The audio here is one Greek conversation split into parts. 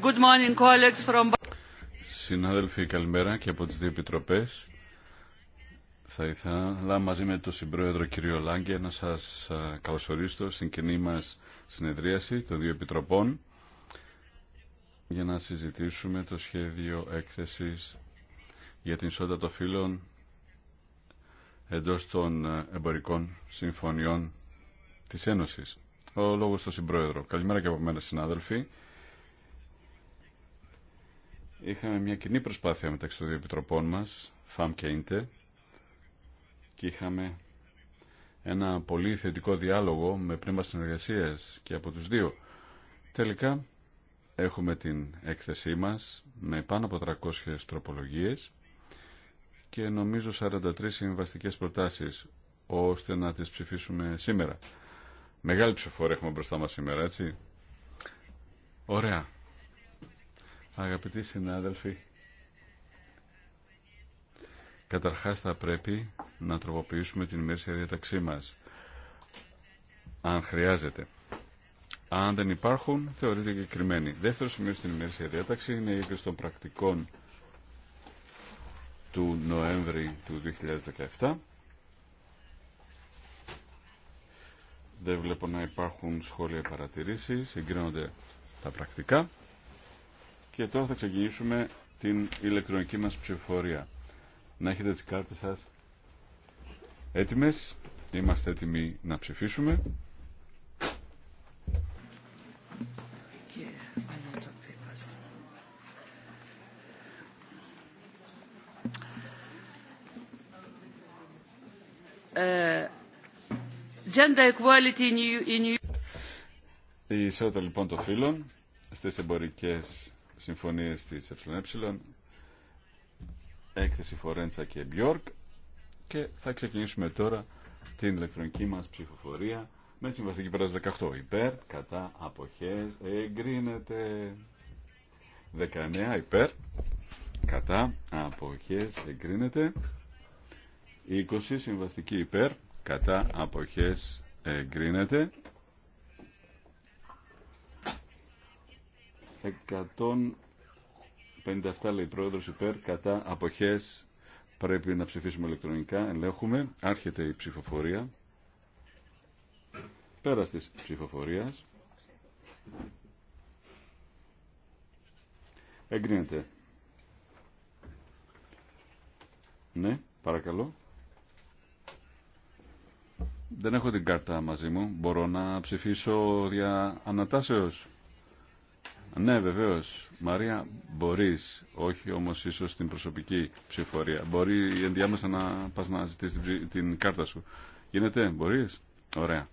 Good morning, colleagues from... Συνάδελφοι, καλημέρα και από τις δύο επιτροπέ. Θα ήθελα μαζί με τον Συμπρόεδρο κ. Λάγκε να σας καλωσορίσω στην κοινή μας συνεδρίαση των δύο επιτροπών για να συζητήσουμε το σχέδιο έκθεσης για την ισότητα των φύλων εντός των ε, εμπορικών συμφωνιών της Ένωσης. Ο λόγος στον Συμπρόεδρο. Καλημέρα και από μένα συνάδελφοι. Είχαμε μια κοινή προσπάθεια μεταξύ των δύο επιτροπών μας, ΦΑΜ και ΙΝΤΕ, και είχαμε ένα πολύ θετικό διάλογο με πνεύμα συνεργασία και από τους δύο. Τελικά έχουμε την έκθεσή μας με πάνω από 300 τροπολογίες και νομίζω 43 συμβαστικέ προτάσεις ώστε να τις ψηφίσουμε σήμερα. Μεγάλη ψηφοφορία έχουμε μπροστά μα σήμερα, έτσι. Ωραία. Αγαπητοί συνάδελφοι, καταρχάς θα πρέπει να τροποποιήσουμε την ημέρησια διαταξή μας, αν χρειάζεται. Αν δεν υπάρχουν, θεωρείται εγκεκριμένη. Δεύτερο σημείο στην ημέρησια διάταξη είναι η έκριση των πρακτικών του Νοέμβρη του 2017. Δεν βλέπω να υπάρχουν σχόλια παρατηρήσεις, συγκρίνονται τα πρακτικά. Και τώρα θα ξεκινήσουμε την ηλεκτρονική μας ψηφοφορία. Να έχετε τις κάρτες σας έτοιμες, είμαστε έτοιμοι να ψηφίσουμε. Ε, gender equality in... Η ισότητα λοιπόν των φύλων στις εμπορικές συμφωνίες της ΕΕ, έκθεση Φορέντσα και Μπιόρκ και θα ξεκινήσουμε τώρα την ηλεκτρονική μας ψηφοφορία με τη συμβαστική πράξη 18 υπέρ, κατά, αποχές, εγκρίνεται 19 υπέρ, κατά, αποχές, εγκρίνεται 20 συμβαστική υπέρ κατά αποχές εγκρίνεται 157 λέει πρόεδρος υπέρ κατά αποχές πρέπει να ψηφίσουμε ηλεκτρονικά ελέγχουμε άρχεται η ψηφοφορία πέρας της ψηφοφορίας εγκρίνεται ναι παρακαλώ δεν έχω την κάρτα μαζί μου. Μπορώ να ψηφίσω δια ανατάσεως. Ναι, βεβαίως. Μαρία, μπορείς. Όχι όμως ίσως την προσωπική ψηφορία. Μπορεί ενδιάμεσα να πας να ζητήσεις την κάρτα σου. Γίνεται, μπορείς. Ωραία.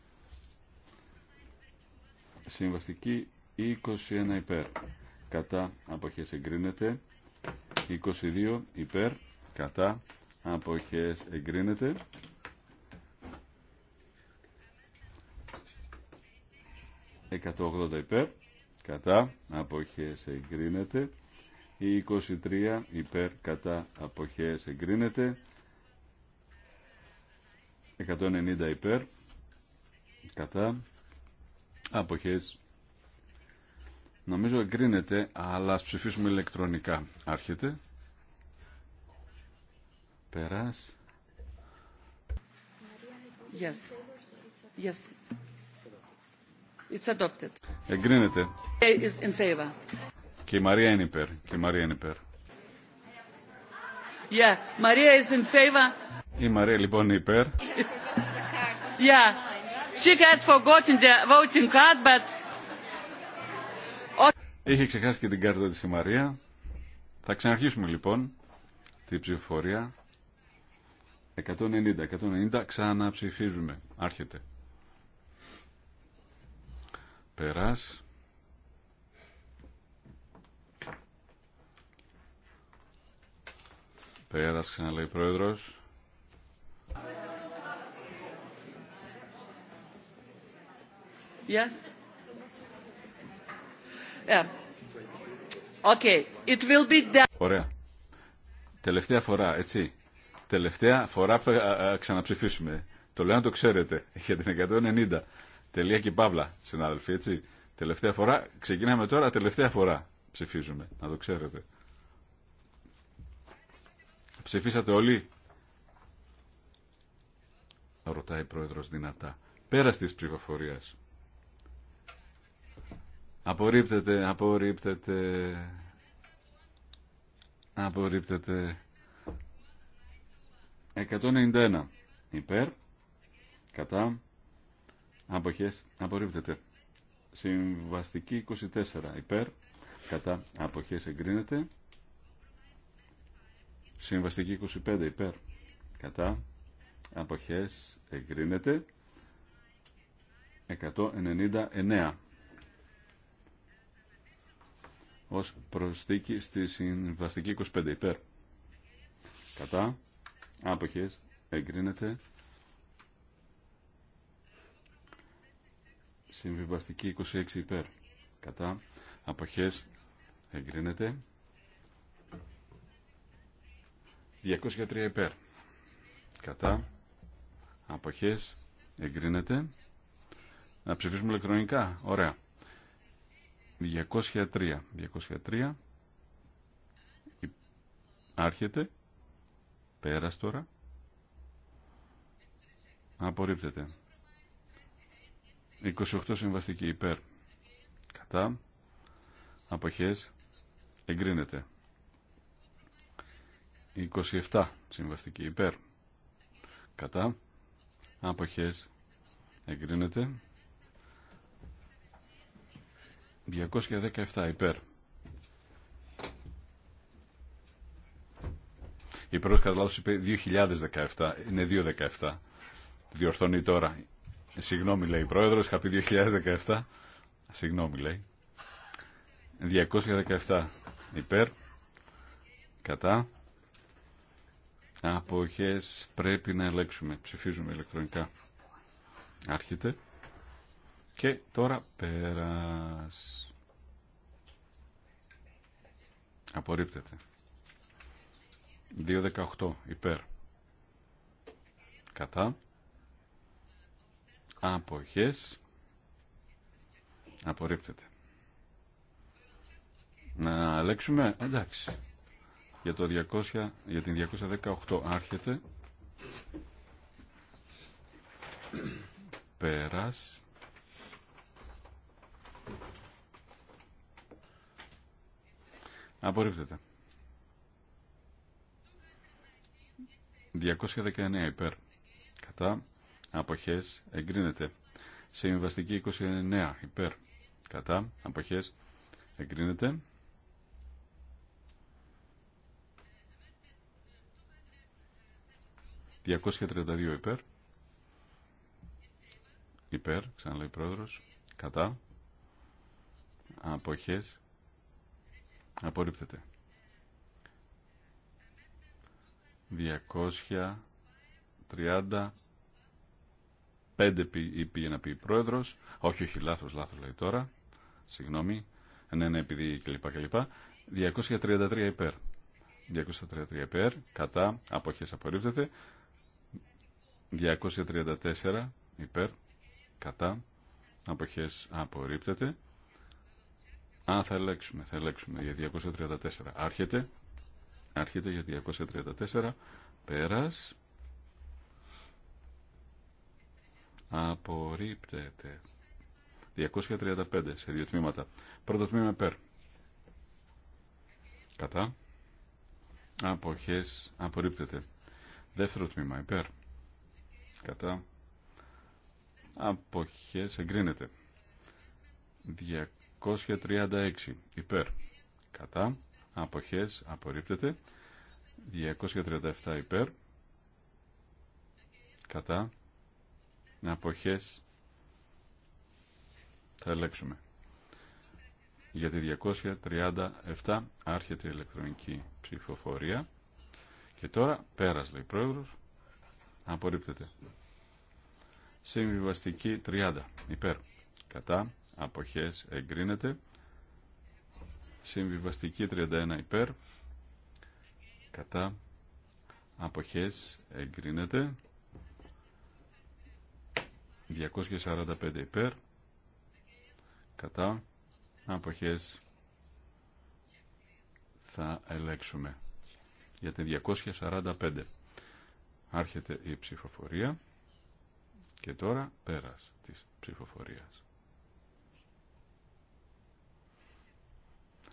Συμβαστική 21 υπέρ. Κατά αποχές εγκρίνεται. 22 υπέρ. Κατά αποχές εγκρίνεται. 180 υπέρ, κατά, αποχές εγκρίνεται. Η 23 υπέρ, κατά, αποχές εγκρίνεται. 190 υπέρ, κατά, αποχές Νομίζω εγκρίνεται, αλλά ας ψηφίσουμε ηλεκτρονικά. Άρχεται. Περάς. Yes. Yes. Εγκρίνεται. Is in Και η Μαρία είναι υπέρ. Και η Μαρία είναι υπέρ. Yeah, Maria is in favor. Η Μαρία λοιπόν είναι υπέρ. yeah, she has forgotten the voting card, but. Είχε ξεχάσει και την κάρτα της η Μαρία. Θα ξαναρχίσουμε λοιπόν την ψηφοφορία. 190, 190 ξαναψηφίζουμε. Άρχεται πέρας. Πέρας ξαναλέει πρόεδρος. Yes. Yeah. Okay. It will be done. Ωραία. Τελευταία φορά, έτσι. Τελευταία φορά που θα ξαναψηφίσουμε. Το λέω να το ξέρετε. Για την 190. Τελεία και παύλα, συνάδελφοι, έτσι. Τελευταία φορά, ξεκινάμε τώρα, τελευταία φορά ψηφίζουμε, να το ξέρετε. Ψηφίσατε όλοι. Ρωτάει ο πρόεδρος δυνατά. Πέρα της ψηφοφορίας. Απορρίπτεται, απορρίπτεται. Απορρίπτεται. 191. Υπέρ. Κατά αποχές απορρίπτεται. Συμβαστική 24 υπέρ, κατά αποχές εγκρίνεται. Συμβαστική 25 υπέρ, κατά αποχές εγκρίνεται. 199 ως προσθήκη στη συμβαστική 25 υπέρ. Κατά, άποχες, εγκρίνεται Συμβιβαστική 26 υπέρ. Κατά. Αποχές. Εγκρίνεται. 203 υπέρ. Κατά. Αποχές. Εγκρίνεται. Να ψηφίσουμε ηλεκτρονικά. Ωραία. 203. 203. Άρχεται. Πέρας τώρα. Απορρίπτεται. 28 συμβαστική υπέρ. Κατά. Αποχές. Εγκρίνεται. 27 συμβαστική υπέρ. Κατά. Αποχές. Εγκρίνεται. 217 υπέρ. Η πρώτη καταλάβωση είπε 2017. Είναι 2017. Διορθώνει τώρα Συγγνώμη λέει η πρόεδρος, είχα πει 2017. Συγγνώμη λέει. 217 υπέρ. Κατά. Αποχές πρέπει να ελέγξουμε. Ψηφίζουμε ηλεκτρονικά. Άρχεται. Και τώρα πέρας. Απορρίπτεται. 2.18 υπέρ. Κατά. Αποχές. Απορρίπτεται. Να αλλάξουμε. Εντάξει. Για, το 200, για την 218 άρχεται. Πέρας. Απορρίπτεται. 219 υπέρ. Κατά αποχές εγκρίνεται. Συμβαστική 29 υπέρ κατά αποχές εγκρίνεται. ...232 υπέρ... ...υπέρ, ξαναλέει πρόεδρος... ...κατά... ...αποχές... ...απορρίπτεται... 230. Πέντε πήγε να πει πρόεδρος. Όχι, όχι, λάθο λάθο λέει τώρα. Συγγνώμη. Ε, ναι, ναι, επειδή κλπ. κλπ. 233 υπέρ. 233 υπέρ. Κατά. Αποχές απορρίπτεται. 234 υπέρ. Κατά. απόχέ απορρίπτεται. Α, θα ελέξουμε θα έλέξουμε για 234. Άρχεται. Άρχεται για 234. Πέρας. Απορρίπτεται. 235 σε δύο τμήματα. Πρώτο τμήμα υπέρ. Κατά. Αποχές. Απορρίπτεται. Δεύτερο τμήμα υπέρ. Κατά. Αποχές. Εγκρίνεται. 236 υπέρ. Κατά. Αποχές. Απορρίπτεται. 237 υπέρ. Κατά αποχές θα ελέξουμε. Για τη 237 άρχεται η ηλεκτρονική ψηφοφορία και τώρα πέρας λέει πρόεδρος απορρίπτεται. Συμβιβαστική 30 υπέρ κατά αποχές εγκρίνεται. Συμβιβαστική 31 υπέρ κατά αποχές εγκρίνεται. 245 υπέρ κατά αποχές θα ελέξουμε για την 245 άρχεται η ψηφοφορία και τώρα πέρας της ψηφοφορίας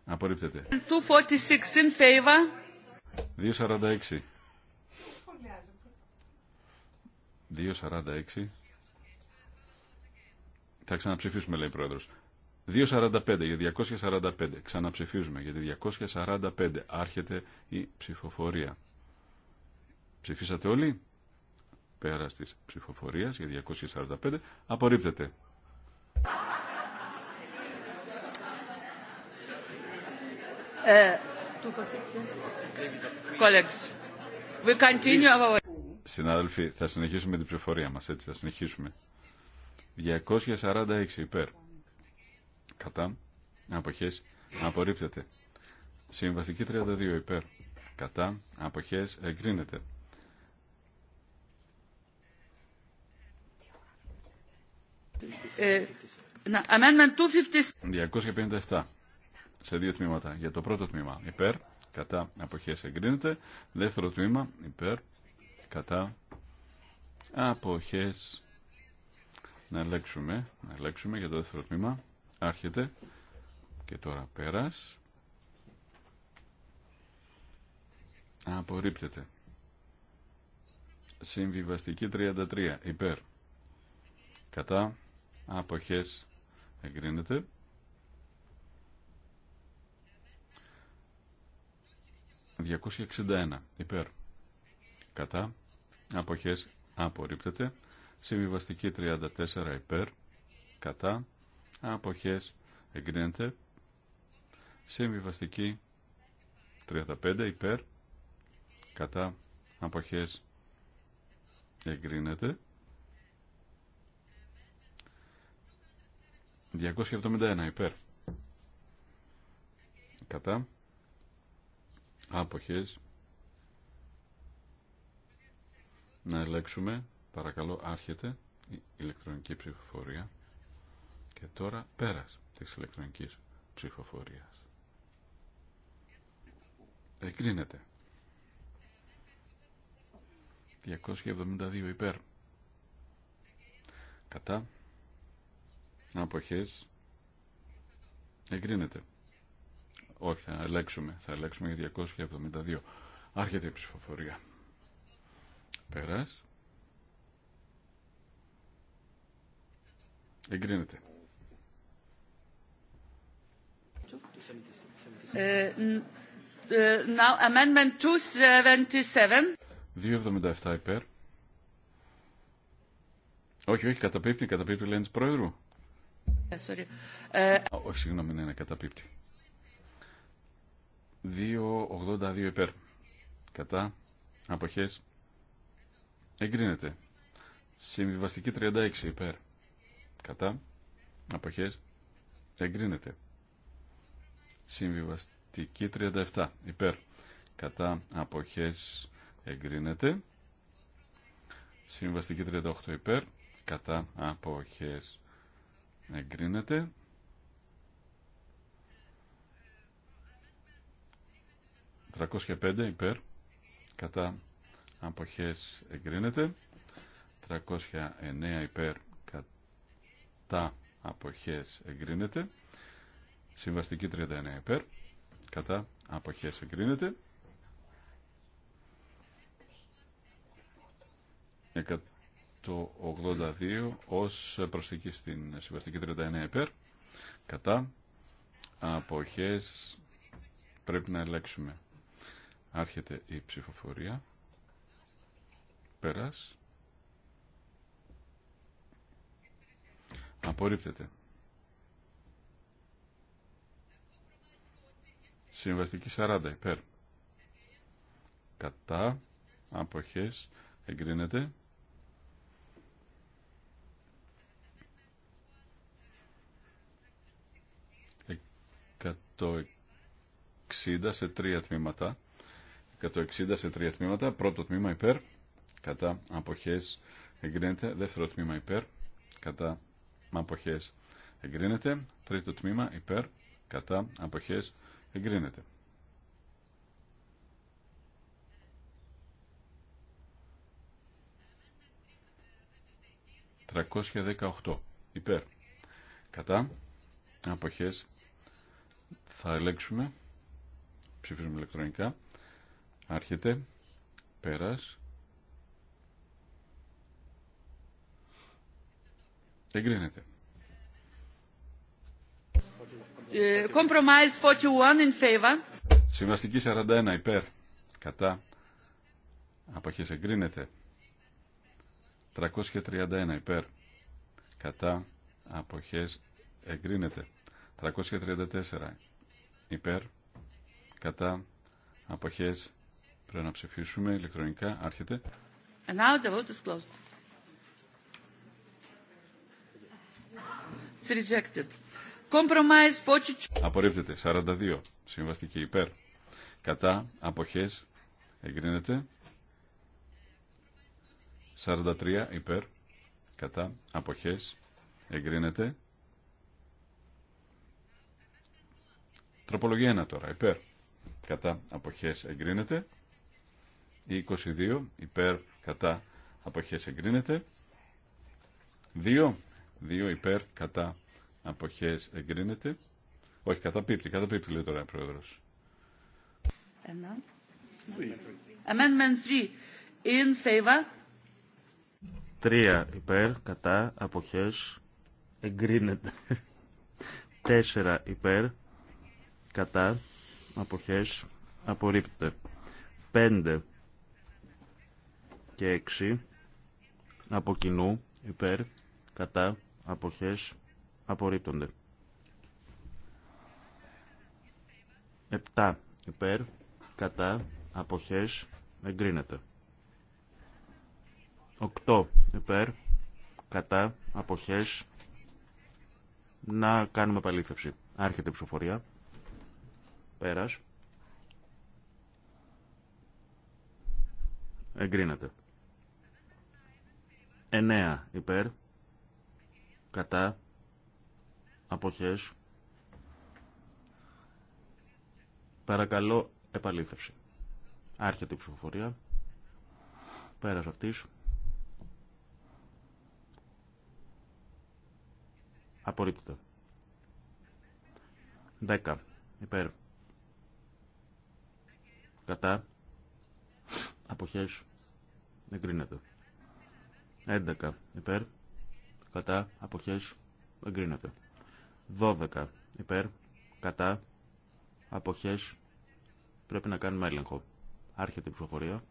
απορρίπτεται 246 in favor 246 θα ξαναψηφίσουμε, λέει ο Πρόεδρος. 2.45 για 245. Ξαναψηφίζουμε για 245. Άρχεται η ψηφοφορία. Ψηφίσατε όλοι. Πέρα τη ψηφοφορία για 245. Απορρίπτεται. Ε, Συνάδελφοι, θα συνεχίσουμε την ψηφοφορία μας, έτσι, θα συνεχίσουμε. 246 υπέρ. Κατά. Αποχές. Απορρίπτεται. Συμβαστική 32 υπέρ. Κατά. Αποχές. Εγκρίνεται. 257 ε, σε δύο τμήματα. Για το πρώτο τμήμα υπέρ, κατά αποχές εγκρίνεται. Δεύτερο τμήμα υπέρ, κατά αποχές να ελέγξουμε, να ελέγξουμε για το δεύτερο τμήμα. Άρχεται και τώρα πέρας. Απορρίπτεται. Συμβιβαστική 33. Υπέρ. Κατά. Αποχές. Εγκρίνεται. 261. Υπέρ. Κατά. Αποχές. Απορρίπτεται. Συμβιβαστική 34 υπέρ, κατά, αποχές εγκρίνεται. Συμβιβαστική 35 υπέρ, κατά, αποχές εγκρίνεται. 271 υπέρ. Κατά. Άποχες. Να ελέξουμε Παρακαλώ άρχεται η ηλεκτρονική ψηφοφορία και τώρα πέρας της ηλεκτρονικής ψηφοφορίας. Εγκρίνεται. 272 υπέρ. Κατά. Αποχές. Εγκρίνεται. Όχι, θα ελέγξουμε. Θα ελέγξουμε για 272. Άρχεται η ψηφοφορία. Πέρας. Εγκρίνεται. Ε, ε, now, amendment 277. 277 υπέρ. Όχι, όχι, καταπίπτει, καταπίπτει λένε της Πρόεδρου. Ε, sorry. Ε, όχι, συγγνώμη, ναι, ναι, καταπίπτει. 282 υπέρ. Κατά. Αποχές. Εγκρίνεται. Συμβιβαστική 36 υπέρ κατά αποχές εγκρίνεται συμβιβαστική 37 υπέρ κατά αποχές εγκρίνεται συμβιβαστική 38 υπέρ κατά αποχές εγκρίνεται ...305 υπέρ... ...κατά αποχές εγκρίνεται... ...309 υπέρ κατά αποχές εγκρίνεται. Συμβαστική 39 υπέρ, κατά αποχές εγκρίνεται. 182 ως προσθήκη στην συμβαστική 39 υπέρ, κατά αποχές πρέπει να ελέξουμε. Άρχεται η ψηφοφορία. Πέρας. Απορρίπτεται. Συμβαστική 40 υπέρ. Κατά. Αποχές. Εγκρίνεται. 160 σε τρία τμήματα. 60 σε τρία τμήματα. Πρώτο τμήμα υπέρ. Κατά. Αποχές. Εγκρίνεται. Δεύτερο τμήμα υπέρ. Κατά. Αποχέ. εγκρίνεται. Τρίτο τμήμα υπέρ κατά αποχέ, εγκρίνεται. «318 υπέρ κατά αποχέ. θα ελέγξουμε ψηφίζουμε ηλεκτρονικά άρχεται πέρας Εγκρίνεται. Ε, Συμβαστική 41 υπέρ. Κατά. απόχέ εγκρίνεται. 331 υπέρ. Κατά. αποχέ, εγκρίνεται. 334 υπέρ. Κατά. αποχέ. πρέπει να ψηφίσουμε ηλεκτρονικά. Άρχεται. It's 42. Απορρίπτεται. 42. Συμβαστική υπέρ. Κατά. Αποχές. Εγκρίνεται. 43 υπέρ. Κατά. Αποχές. Εγκρίνεται. Τροπολογία 1 τώρα. Υπέρ. Κατά. Αποχές. Εγκρίνεται. 22 υπέρ. Κατά. Αποχές. Εγκρίνεται. 2 Δύο υπέρ κατά αποχές εγκρίνεται. Όχι, κατά Κατά πίπτη λέει τώρα ο Πρόεδρος. Amendment 3 in favor. Τρία υπέρ κατά αποχές εγκρίνεται. Τέσσερα υπέρ κατά αποχές απορρίπτεται. Πέντε και έξι από κοινού υπέρ κατά αποχές απορρίπτονται. 7 υπέρ κατά αποχές εγκρίνεται. 8 υπέρ κατά αποχές να κάνουμε παλήθευση. Άρχεται η ψηφοφορία. Πέρας. Εγκρίνεται. 9 υπέρ κατά αποχές παρακαλώ επαλήθευση άρχεται η ψηφοφορία πέρας αυτής απορρίπτεται 10 υπέρ κατά αποχές εγκρίνεται 11 υπέρ κατά, αποχές, εγκρίνεται. 12 υπέρ, κατά, αποχές, πρέπει να κάνουμε έλεγχο. Άρχεται η ψηφοφορία.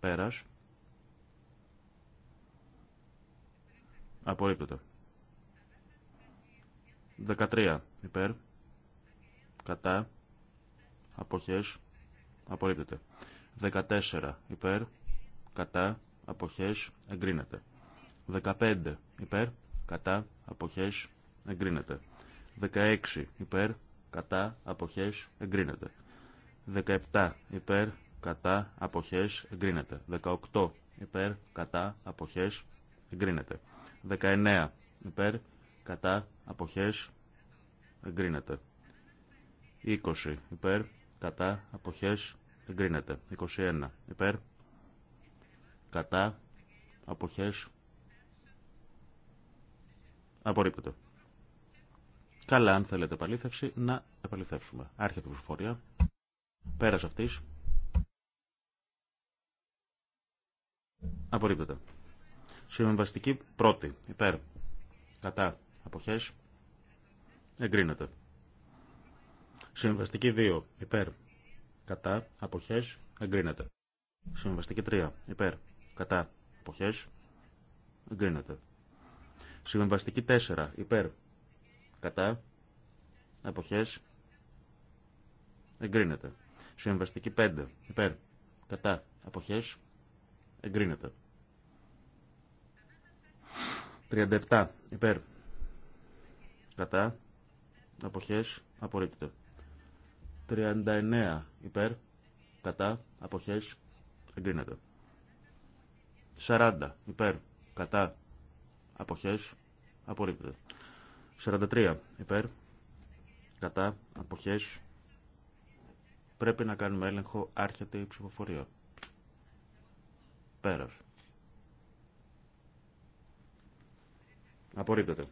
Πέρας. Απορρίπτεται. 13 υπέρ, κατά, αποχές, απορρίπτεται. 14 υπέρ, κατά, αποχές, εγκρίνεται. 15 υπέρ, κατά, αποχές, εγκρίνεται. 16 υπέρ, κατά, αποχές, εγκρίνεται. 17 υπέρ, κατά, αποχές, εγκρίνεται. 18 υπέρ, κατά, αποχές, εγκρίνεται. 19 υπέρ, κατά, αποχές, εγκρίνεται. 20 υπέρ, κατά, αποχές, εγκρίνεται. 21 υπέρ, κατά, αποχές, Απορρίπτεται. Καλά, αν θέλετε επαλήθευση, να επαληθεύσουμε. Άρχεται η ψηφοφορία. Πέρας αυτής. Απορρίπτεται. Συμβαστική πρώτη. Υπέρ. Κατά. Αποχές. Εγκρίνεται. Συμβαστική 2. Υπέρ. Κατά. Αποχές. Εγκρίνεται. Συμβαστική 3. Υπέρ. Κατά. Αποχές. Εγκρίνεται. Συμβαστική 4. Υπέρ. Κατά. Αποχές. Εγκρίνεται. Συμβαστική 5. Υπέρ. Κατά. Αποχές. Εγκρίνεται. 37. Υπέρ. Κατά. Αποχές. Απορρίπτεται. 39. Υπέρ. Κατά. Αποχές. Εγκρίνεται. 40. Υπέρ. Κατά. Αποχές. Απορρίπτεται. 43 υπέρ. Κατά. αποχέ, Πρέπει να κάνουμε έλεγχο. Άρχεται η ψηφοφορία. Πέρας. Απορρίπτεται.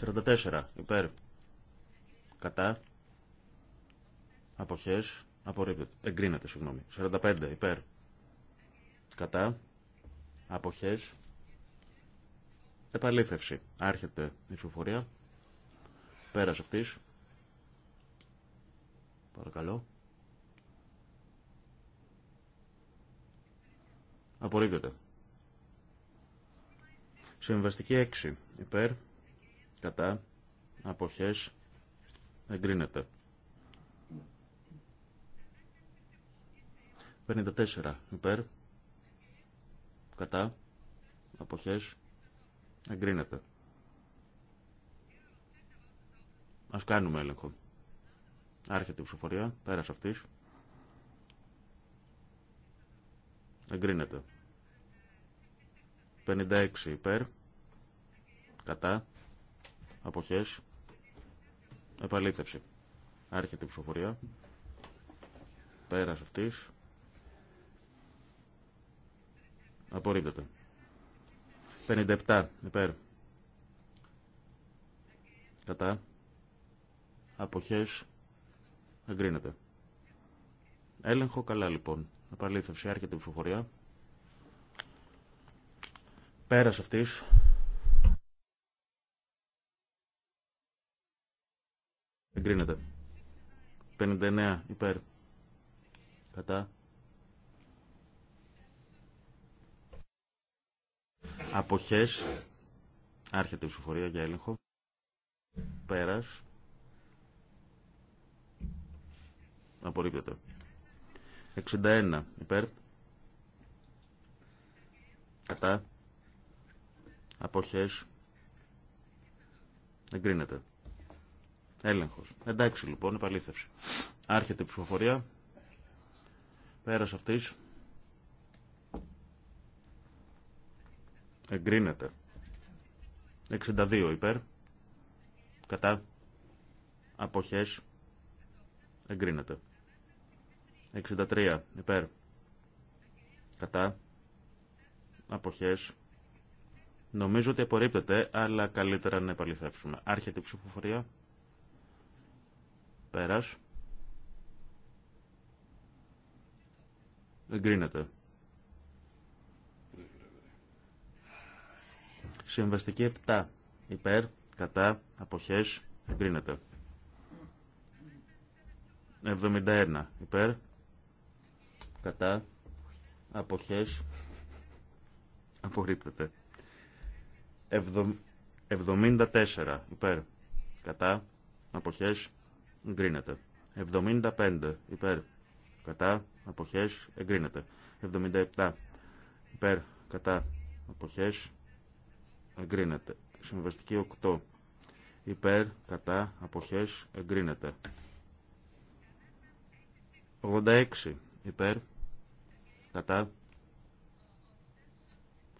44 υπέρ. Κατά. αποχέ, Απορρίπτεται. Εγκρίνεται, συγγνώμη. 45 υπέρ. Κατά. Αποχές. Επαλήθευση. Άρχεται η ψηφοφορία. Πέρας αυτής. Παρακαλώ. Απορρίπτεται. Συμβαστική 6. Υπέρ. Κατά. Αποχές. Εγκρίνεται. 54. Υπέρ. Κατά. Αποχές. Εγκρίνεται. Α κάνουμε έλεγχο. Άρχεται η ψηφοφορία, πέρας αυτή, Εγκρίνεται. 56 υπέρ. Κατά. Αποχές. Επαλήθευση. Άρχεται η ψηφοφορία. Πέρας αυτή Απορρίπτεται. 57 υπέρ. Κατά. Αποχές. Εγκρίνεται. Έλεγχο καλά λοιπόν. Απαλήθευση. Άρχεται η ψηφοφορία. Πέρας αυτής. Εγκρίνεται. 59 υπέρ. Κατά. Αποχές. Άρχεται η ψηφοφορία για έλεγχο. Πέρας. Απορρίπτεται. 61 υπέρ. Κατά. Αποχές. Εγκρίνεται. Έλεγχος. Εντάξει λοιπόν, επαλήθευση. Άρχεται η ψηφοφορία. Πέρας αυτής. Εγκρίνεται. 62 υπέρ. Κατά. Αποχές. Εγκρίνεται. 63 υπέρ. Κατά. Αποχές. Νομίζω ότι απορρίπτεται, αλλά καλύτερα να επαληθεύσουμε. Άρχεται η ψηφοφορία. Πέρας. Εγκρίνεται. Συμβαστική 7. Υπέρ, κατά, αποχές, εγκρίνεται. 71. Υπέρ, κατά, αποχές, απορρίπτεται. 74. Υπέρ, κατά, αποχές, εγκρίνεται. 75. Υπέρ, κατά, αποχές, εγκρίνεται. 77. Υπέρ, κατά, αποχές, εγκρίνεται. Συμβαστική 8 υπέρ, κατά, αποχές, εγκρίνεται. 86 υπέρ, κατά,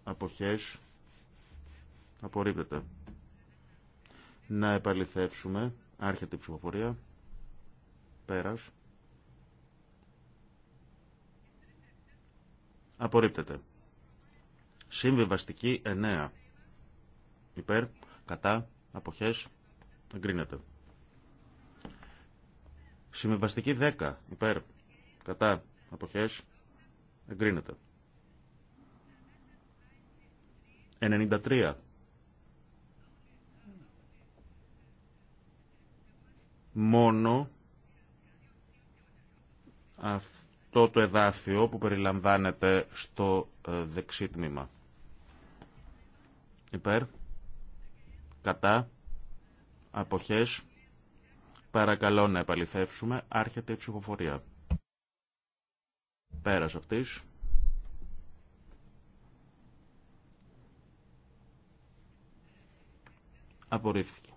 αποχές, απορρίπτεται. Να επαληθεύσουμε, άρχεται η ψηφοφορία, πέρας, απορρίπτεται. Συμβιβαστική 9 υπέρ, κατά, αποχές, εγκρίνεται. Συμβιβαστική 10 υπέρ, κατά, αποχές, εγκρίνεται. 93. Μόνο αυτό το εδάφιο που περιλαμβάνεται στο ε, δεξί τμήμα. Υπέρ κατά, αποχές, παρακαλώ να επαληθεύσουμε, άρχεται η ψηφοφορία. Πέρας αυτής. Απορρίφθηκε.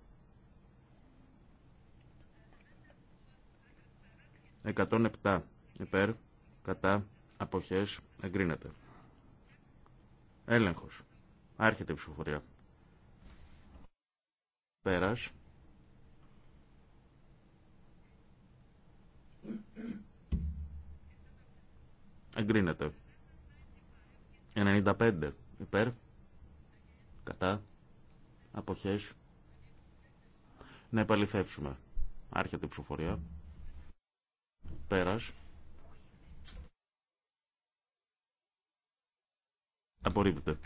107 υπέρ, κατά, αποχές, εγκρίνεται. Έλεγχος. Άρχεται η ψηφοφορία. Πέρας. Εγκρίνεται. 95 υπέρ. Κατά. Αποχές. Να επαληθεύσουμε. Άρχεται η ψηφοφορία. Πέρας. Απορρίπτεται.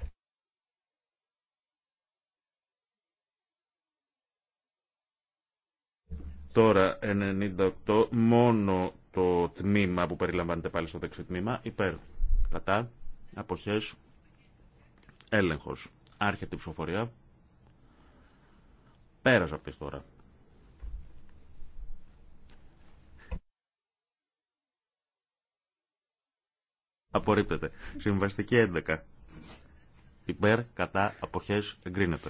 Τώρα 98 μόνο το τμήμα που περιλαμβάνεται πάλι στο δεξί τμήμα υπέρ. Κατά. Αποχές. Έλεγχος. Άρχεται η ψηφοφορία. πέρασε αυτή τώρα. Απορρίπτεται. Συμβαστική 11. Υπέρ, κατά, αποχές, εγκρίνεται.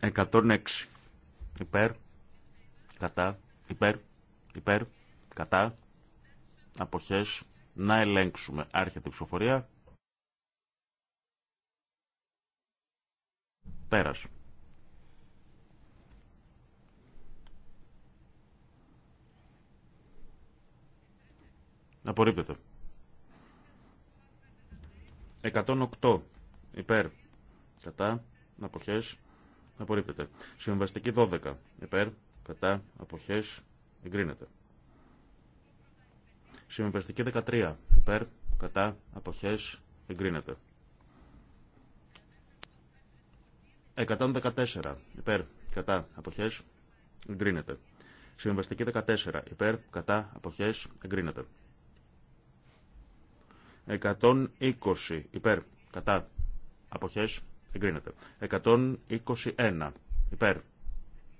106. Υπέρ, κατά, υπέρ, υπέρ, κατά, αποχές, να ελέγξουμε. Άρχεται η ψηφοφορία. Πέρας. Απορρίπτεται. 108 υπέρ κατά αποχές απορρίπτεται. Συμβαστική 12 υπέρ κατά αποχές εγκρίνεται. Συμβιβαστική 13 υπέρ κατά αποχές εγκρίνεται. 114 υπέρ κατά αποχές εγκρίνεται. Συμβαστική 14 υπέρ κατά αποχές εγκρίνεται. 120 υπέρ κατά αποχές εγκρίνεται. 121 υπέρ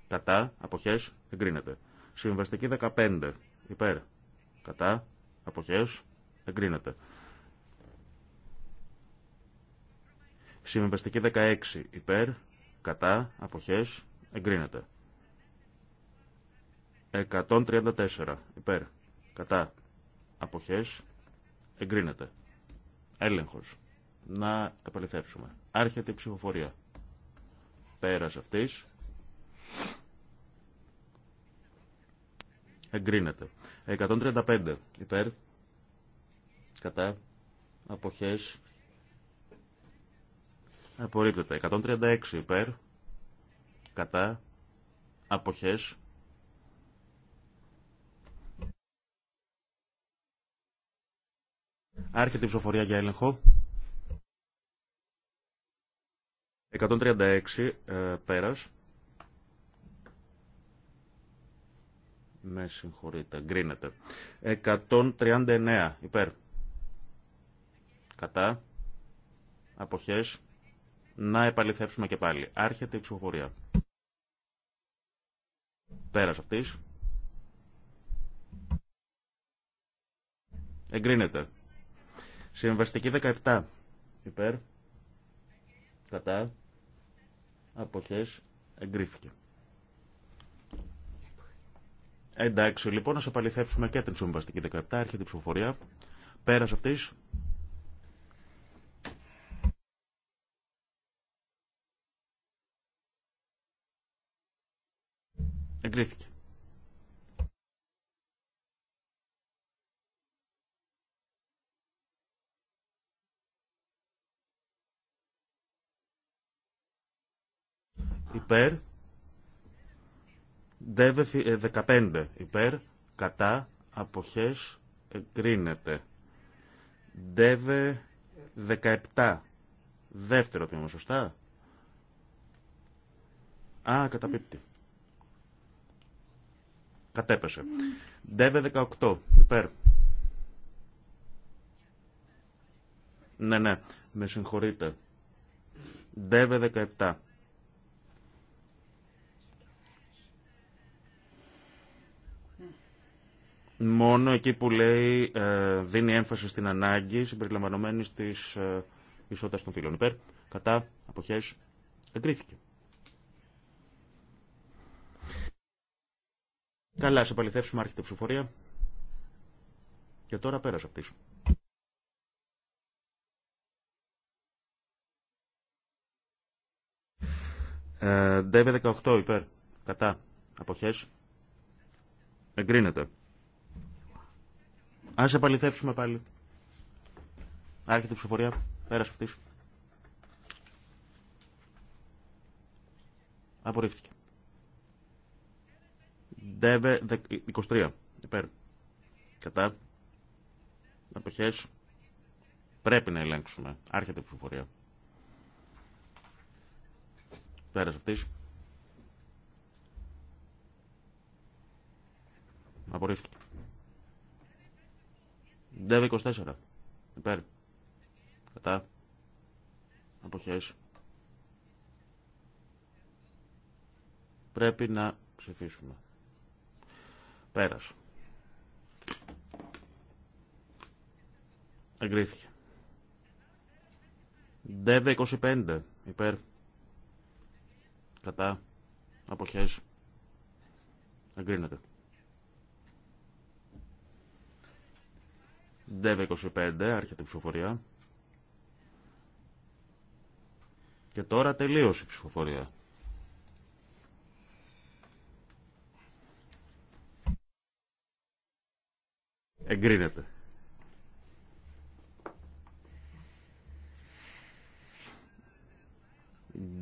Κατά. Αποχές. Εγκρίνεται. Συμβαστική 15. Υπέρ. Κατά. απόχέ, Εγκρίνεται. Συμβαστική 16. Υπέρ. Κατά. αποχέ, Εγκρίνεται. 134. Υπέρ. Κατά. αποχέ, Εγκρίνεται. Έλεγχο. Να επαληθεύσουμε. Άρχεται η ψηφοφορία. Πέρας αυτής. Εγκρίνεται. 135 υπέρ. Κατά. Αποχές. Απορρίπτεται. 136 υπέρ. Κατά. Αποχές. Άρχεται η ψηφοφορία για έλεγχο. 136 ε, πέρας. Με συγχωρείτε, εγκρίνεται. 139 υπέρ. Κατά. Αποχές. Να επαληθεύσουμε και πάλι. Άρχεται η ψηφοφορία. Πέρας αυτής. Εγκρίνεται. Συμβαστική 17. Υπέρ. Κατά. Αποχές. Εγκρίθηκε. Εντάξει, λοιπόν, να σε παληθεύσουμε και την συμβαστική 17, έρχεται η ψηφοφορία. Πέρας αυτής. Εγκρίθηκε. Υπέρ. Δεύε 15 ε, υπέρ, κατά, αποχές, εγκρίνεται. Δεύε 17, δεύτερο τμήμα, σωστά. Α, καταπίπτει. Κατέπεσε. Δεύε 18 υπέρ. Ναι, ναι, με συγχωρείτε. Δεύε 17 μόνο εκεί που λέει ε, δίνει έμφαση στην ανάγκη συμπεριλαμβανομένη τη ε, ισότητα των φύλων. Υπέρ, κατά, αποχέ, εγκρίθηκε. Καλά, σε παληθεύσουμε η ψηφοφορία. Και τώρα πέρασε αυτή. Ντέβε 18 υπέρ. Κατά. Αποχές. Εγκρίνεται. Ας επαληθεύσουμε πάλι. Άρχεται η ψηφοφορία. Πέρασε αυτής. Απορρίφθηκε. Ντέβε 23. Υπέρ. Κατά. Αποχές. Πρέπει να ελέγξουμε. Άρχεται η ψηφοφορία. Πέρασε αυτής. Απορρίφθηκε. Δεύε 24. Υπέρ. Κατά. Αποχές. Πρέπει να ψηφίσουμε. περασε Εγκρίθηκε. Δεύε 25. Υπέρ. Κατά. Αποχές. Εγκρίνεται. ΔΕΒ 25, άρχεται η ψηφοφορία. Και τώρα τελείωσε η ψηφοφορία. Εγκρίνεται.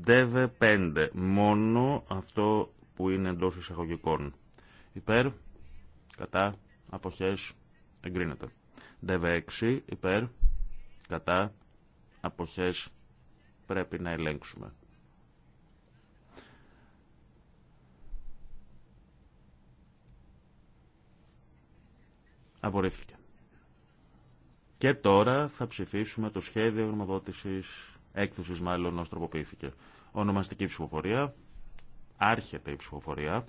ΔΕΒ 5. Μόνο αυτό που είναι εντό εισαγωγικών. Υπέρ, κατά, αποχές, εγκρίνεται. ΔΕΒΕΞΙ υπέρ κατά αποχές πρέπει να ελέγξουμε. Απορρίφθηκε. Και τώρα θα ψηφίσουμε το σχέδιο γνωμοδότησης, έκθεσης μάλλον ως τροποποιήθηκε. Ονομαστική ψηφοφορία, άρχεται η ψηφοφορία.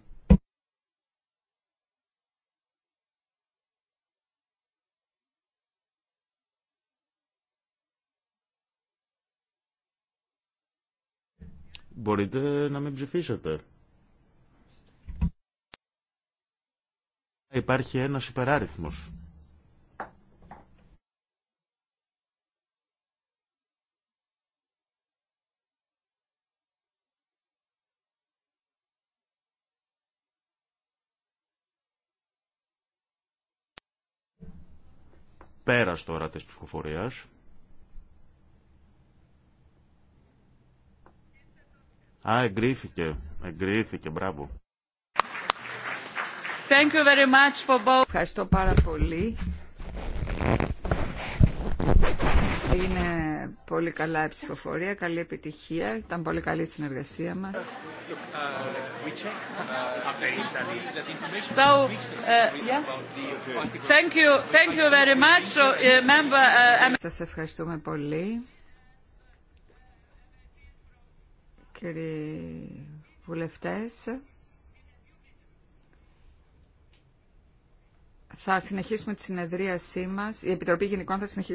Μπορείτε να μην ψηφίσετε. Υπάρχει ένας υπεράριθμος. Πέρας τώρα της ψηφοφορίας. Α, εγκρίθηκε. Εγκρίθηκε, μπράβο. Thank you very much for both. Ευχαριστώ πάρα πολύ. Είναι πολύ καλά η ψηφοφορία, καλή επιτυχία. Ήταν πολύ καλή η συνεργασία μα. Σα Σας ευχαριστούμε πολύ. κύριοι βουλευτές. Θα συνεχίσουμε τη συνεδρίασή μας. Η Επιτροπή Γενικών θα συνεχίσει